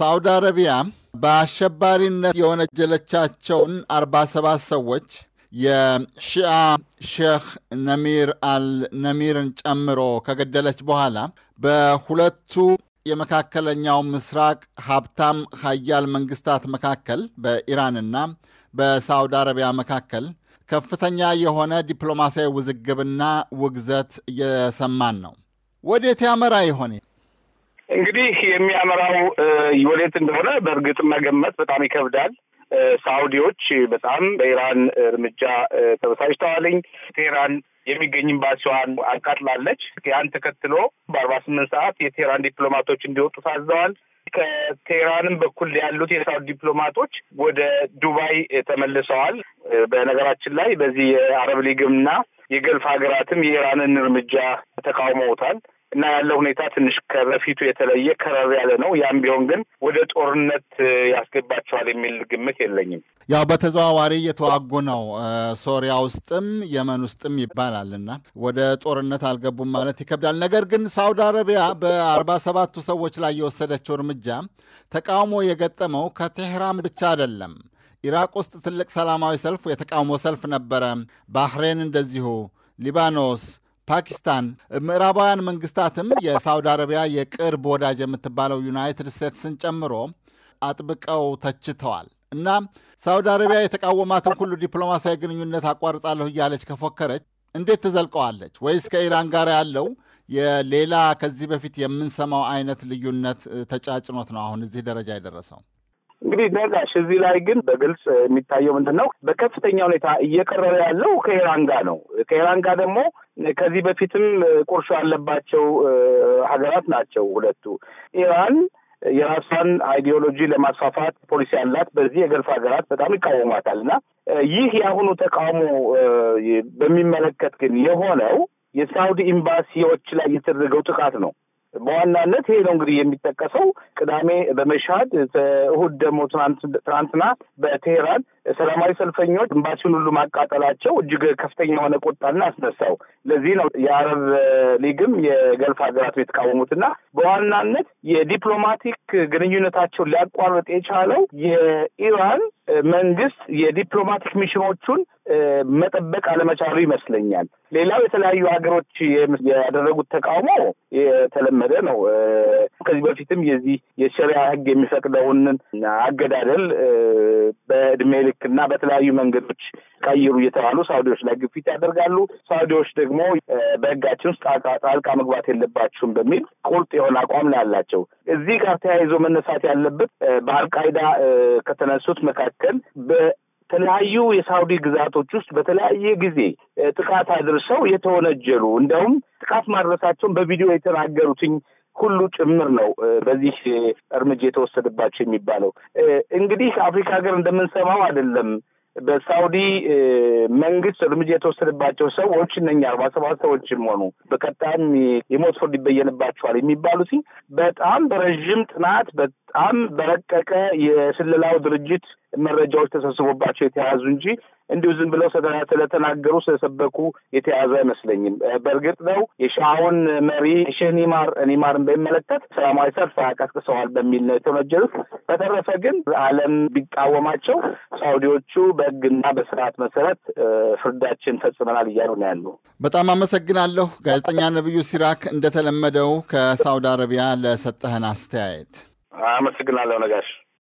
ሳውዲ አረቢያ በአሸባሪነት የወነጀለቻቸውን 47 ሰዎች የሺአ ሼክ ነሚር አል ነሚርን ጨምሮ ከገደለች በኋላ በሁለቱ የመካከለኛው ምስራቅ ሀብታም ሀያል መንግስታት መካከል በኢራንና በሳውዲ አረቢያ መካከል ከፍተኛ የሆነ ዲፕሎማሲያዊ ውዝግብና ውግዘት እየሰማን ነው። ወዴት ያመራ ይሆን? እንግዲህ የሚያመራው ወዴት እንደሆነ በእርግጥ መገመት በጣም ይከብዳል። ሳውዲዎች በጣም በኢራን እርምጃ ተበሳጭተዋልኝ። ቴህራን የሚገኝ ኤምባሲዋን አቃጥላለች። ያን ተከትሎ በአርባ ስምንት ሰዓት የቴህራን ዲፕሎማቶች እንዲወጡ ታዘዋል። ከቴህራንም በኩል ያሉት የሳውዲ ዲፕሎማቶች ወደ ዱባይ ተመልሰዋል። በነገራችን ላይ በዚህ የአረብ ሊግም እና የገልፍ ሀገራትም የኢራንን እርምጃ ተቃውመውታል። እና ያለው ሁኔታ ትንሽ ከበፊቱ የተለየ ከረር ያለ ነው። ያም ቢሆን ግን ወደ ጦርነት ያስገባቸዋል የሚል ግምት የለኝም። ያው በተዘዋዋሪ እየተዋጉ ነው፣ ሶሪያ ውስጥም የመን ውስጥም ይባላል እና ወደ ጦርነት አልገቡም ማለት ይከብዳል። ነገር ግን ሳውዲ አረቢያ በአርባ ሰባቱ ሰዎች ላይ የወሰደችው እርምጃ ተቃውሞ የገጠመው ከቴህራን ብቻ አይደለም። ኢራቅ ውስጥ ትልቅ ሰላማዊ ሰልፍ፣ የተቃውሞ ሰልፍ ነበረ። ባህሬን እንደዚሁ፣ ሊባኖስ ፓኪስታን፣ ምዕራባውያን መንግስታትም የሳውዲ አረቢያ የቅርብ ወዳጅ የምትባለው ዩናይትድ ስቴትስን ጨምሮ አጥብቀው ተችተዋል እና ሳውዲ አረቢያ የተቃወማትን ሁሉ ዲፕሎማሲያዊ ግንኙነት አቋርጣለሁ እያለች ከፎከረች እንዴት ትዘልቀዋለች? ወይስ ከኢራን ጋር ያለው የሌላ ከዚህ በፊት የምንሰማው አይነት ልዩነት ተጫጭኖት ነው አሁን እዚህ ደረጃ የደረሰው? እንግዲህ ነጋሽ እዚህ ላይ ግን በግልጽ የሚታየው ምንድን ነው? በከፍተኛ ሁኔታ እየቀረበ ያለው ከኢራን ጋር ነው። ከኢራን ጋር ደግሞ ከዚህ በፊትም ቁርሾ ያለባቸው ሀገራት ናቸው ሁለቱ። ኢራን የራሷን አይዲዮሎጂ ለማስፋፋት ፖሊሲ ያላት፣ በዚህ የገልፍ ሀገራት በጣም ይቃወሟታል እና ይህ የአሁኑ ተቃውሞ በሚመለከት ግን የሆነው የሳውዲ ኤምባሲዎች ላይ የተደረገው ጥቃት ነው። በዋናነት ይሄ ነው እንግዲህ የሚጠቀሰው። ቅዳሜ በመሻድ እሁድ ደግሞ ትናንትና በቴሄራን ሰላማዊ ሰልፈኞች ኤምባሲውን ሁሉ ማቃጠላቸው እጅግ ከፍተኛ የሆነ ቁጣና አስነሳው። ለዚህ ነው የአረብ ሊግም የገልፍ ሀገራት የተቃወሙትና በዋናነት የዲፕሎማቲክ ግንኙነታቸውን ሊያቋርጥ የቻለው የኢራን መንግስት የዲፕሎማቲክ ሚሽኖቹን መጠበቅ አለመቻሉ ይመስለኛል። ሌላው የተለያዩ ሀገሮች ያደረጉት ተቃውሞ የተለመደ ነው። ከዚህ በፊትም የዚህ የሸሪያ ህግ የሚፈቅደውን አገዳደል በእድሜ እና በተለያዩ መንገዶች ቀይሩ እየተባሉ ሳውዲዎች ላይ ግፊት ያደርጋሉ። ሳውዲዎች ደግሞ በህጋችን ውስጥ ጣልቃ መግባት የለባችሁም በሚል ቁርጥ የሆነ አቋም ላይ አላቸው። እዚህ ጋር ተያይዞ መነሳት ያለበት በአልቃይዳ ከተነሱት መካከል በተለያዩ የሳውዲ ግዛቶች ውስጥ በተለያየ ጊዜ ጥቃት አድርሰው የተወነጀሉ እንደውም ጥቃት ማድረሳቸውን በቪዲዮ የተናገሩትኝ ሁሉ ጭምር ነው። በዚህ እርምጃ የተወሰደባቸው የሚባለው እንግዲህ አፍሪካ ሀገር እንደምንሰማው አይደለም። በሳውዲ መንግስት እርምጃ የተወሰደባቸው ሰዎች እነኛ አርባ ሰባት ሰዎችም ሆኑ በቀጣይም የሞት ፍርድ ይበየንባቸዋል የሚባሉት በጣም በረዥም ጥናት በጣም በረቀቀ የስለላው ድርጅት መረጃዎች ተሰብስቦባቸው የተያዙ እንጂ እንዲሁ ዝም ብለው ስለተናገሩ ስለሰበኩ የተያዙ አይመስለኝም። በእርግጥ ነው የሻውን መሪ ሼህ ኒማር ኒማርን በሚመለከት ሰላማዊ ሰልፍ ቀስቅሰዋል በሚል ነው የተመጀሉት። በተረፈ ግን ዓለም ቢቃወማቸው ሳውዲዎቹ በሕግና በስርዓት መሰረት ፍርዳችን ፈጽመናል እያሉ ነው ያሉ። በጣም አመሰግናለሁ ጋዜጠኛ ነብዩ ሲራክ እንደተለመደው ከሳውዲ አረቢያ ለሰጠህን አስተያየት አመሰግናለሁ ነጋሽ።